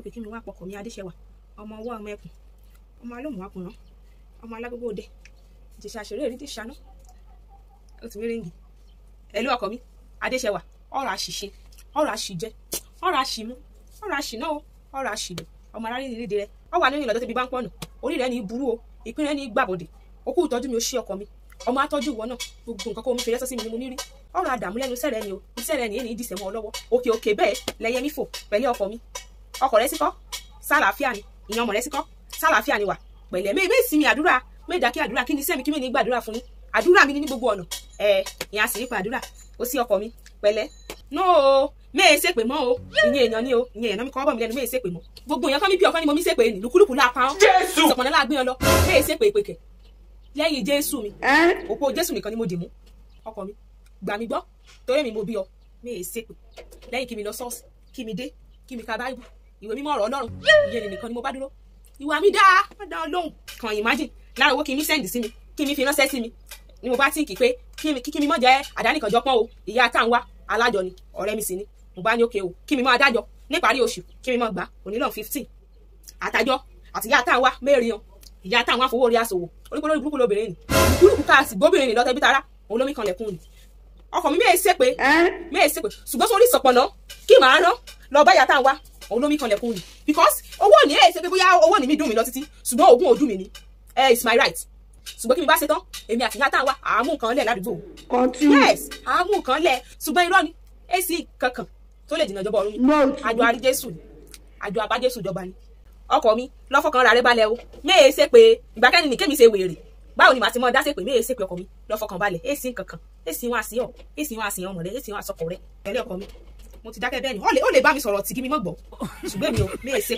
ó pè kí mi wá pọkọ mi adéṣẹwà ọmọ ọwọ́ ọmọ ẹkùn ọmọ alóhùn akùnrán ọmọ alágbogbo òde ìjẹsà àṣẹrẹ èrè ti ṣáná ó ti wéréǹgì ẹlú ọkọ mi adéṣẹwà ọ̀rọ̀ àṣìṣe ọ̀rọ̀ àṣìjẹ ọ̀rọ̀ àṣìmú ọ̀rọ̀ àṣìná o ọ̀rọ̀ àṣìlò ọmọ aráàlú ní ìlédè rẹ ọ wà nínú ìlọdọ tẹbi bá ń pọnù orí rẹ ní burú o ìpín rẹ ní gbàbọdè okú ìtọ́jú mi ò ṣí ọkọ mi ọmọ atọ́jú ìwọ náà gbogbo nǹkan kó omi fi rẹsọ mi ni mo ní rí ọ̀rọ̀ àdàmú lẹ́nu sẹrẹ ni o sẹrẹ ni èyí ní ìdìsẹmọ ọlọwọ òkè òkè bẹ́ẹ̀ lẹyẹ mi fò pẹ̀lẹ́ ọkọ mi ọkọ rẹ síkọ́ sálàáfíà ni ìyẹn ọmọ rẹ síkọ́ sálàáfíà ni wà pẹ̀lẹ́ mẹ́ ìsinmi àdúrà mẹ́ ìdákí àdúrà kí ni sẹ́mi kí mi ní gbàdúrà fún yín àdúrà mi ní ní gbogbo ọ̀nà ẹ̀ ìyẹn àsìrí pa àdúrà ó sí ọkọ mi pẹ̀lẹ́ no mẹ́ ẹ ṣépè mọ́ o ìyẹn èèyàn ni o ìyẹn èèyàn mi kọ́ bọ̀ mí lẹ́nu mẹ́ ẹ ṣépè mọ́ gbogbo èèyàn kan mi bí ọkọ ni mo mi ṣépè ní lukuluku la pa ọ́ jésù sọ̀pọ̀nà láàgbé ọ lọ mẹ́ ẹ ìpèkè lẹ́yìn jésù mi òpó jésù nìkan ni mo dì mú ọkọ mi gbà mí gbọ́ torí mi mo bí ọ mẹ́ ẹ ṣépè lẹ́yìn kí mi lọ ṣọ́ọ̀ṣì kí mi dé kí mi ka báyìí ìwé mímọ́ ọ̀rọ̀ Ọlọ́run ìyẹn nìkan ni mo bá dúró ìwà mi dáa wọ́n dá Ọlọ́run kan imagine lára owó kí mi send sí mi kí mi fi ránṣẹ́ sí mi ni mo bá tíǹkì pé kí mi mọ̀ jẹ́ àdánìkànjọpọ̀ o ìyá táǹwá alájọ ni ọ̀rẹ́ mi sì ni mo bá ní òkè o kí mi mọ̀ adájọ́ níparí oṣù kí mi mọ̀ gbà onílọ̀ fifteen àtàjọ àti ìyá táǹwá mẹ́rin hàn ìyá táwọn afowó orí aṣòwò onípolórí burúkú lóbìnrin ni burúkú ká sì gbóbìnrin ni lọ́tẹ́ bí tara òun lómi kan lẹ̀kùn ni ọkọ mi mẹ́ẹ̀ ṣépè mẹ́ẹ̀ ṣépè ṣùgbọ́n sórí ìsọ̀pọ̀nà kí màá rán lọ bá ìyá táwọn wá òun ló mi kanlẹ̀kùn ni because owó òní ẹ̀ ṣe pé bóyá owó òní mi dùn mí lọ títí ṣùgbọ́n òògùn òdùn mi ni it's my right ṣùgbọ́n kí mi bá ṣe tán èmi àti ìyá tá à ń wá àámú nǹkan lẹ̀ ládùúgbò. continue yes àámú nǹkan lẹ̀ ṣùgbọ́n irọ́ ni èsì kankan tó lè dènà ìjọba ọ̀run yìí àjọ àrí jésù àjọ àbá jésù ìjọba ni ọkọ mi lọ́fọ̀kan rà rẹ balẹ̀ o mẹ́ẹ̀ ṣe pé ìgbàkẹ́ni ní kémi ṣe wèrè báwo ni màá ti mọ dá sépè mẹ́ẹ̀ ṣe pé ọkọ mi lọ́fọ̀kan balẹ̀ èsì kankan èsì wọn àṣìyàn èsì wọn àṣìyàn ọmọ rẹ èsì wọn àṣọkọ rẹ tẹ̀lé ọkọ mi mo ti dákẹ́ bẹ́ẹ̀ ni ó lè bá mi sọ̀rọ̀ tì kí mi mọ̀ gbọ́ ṣùgbọ́n mi ò mi è ṣe.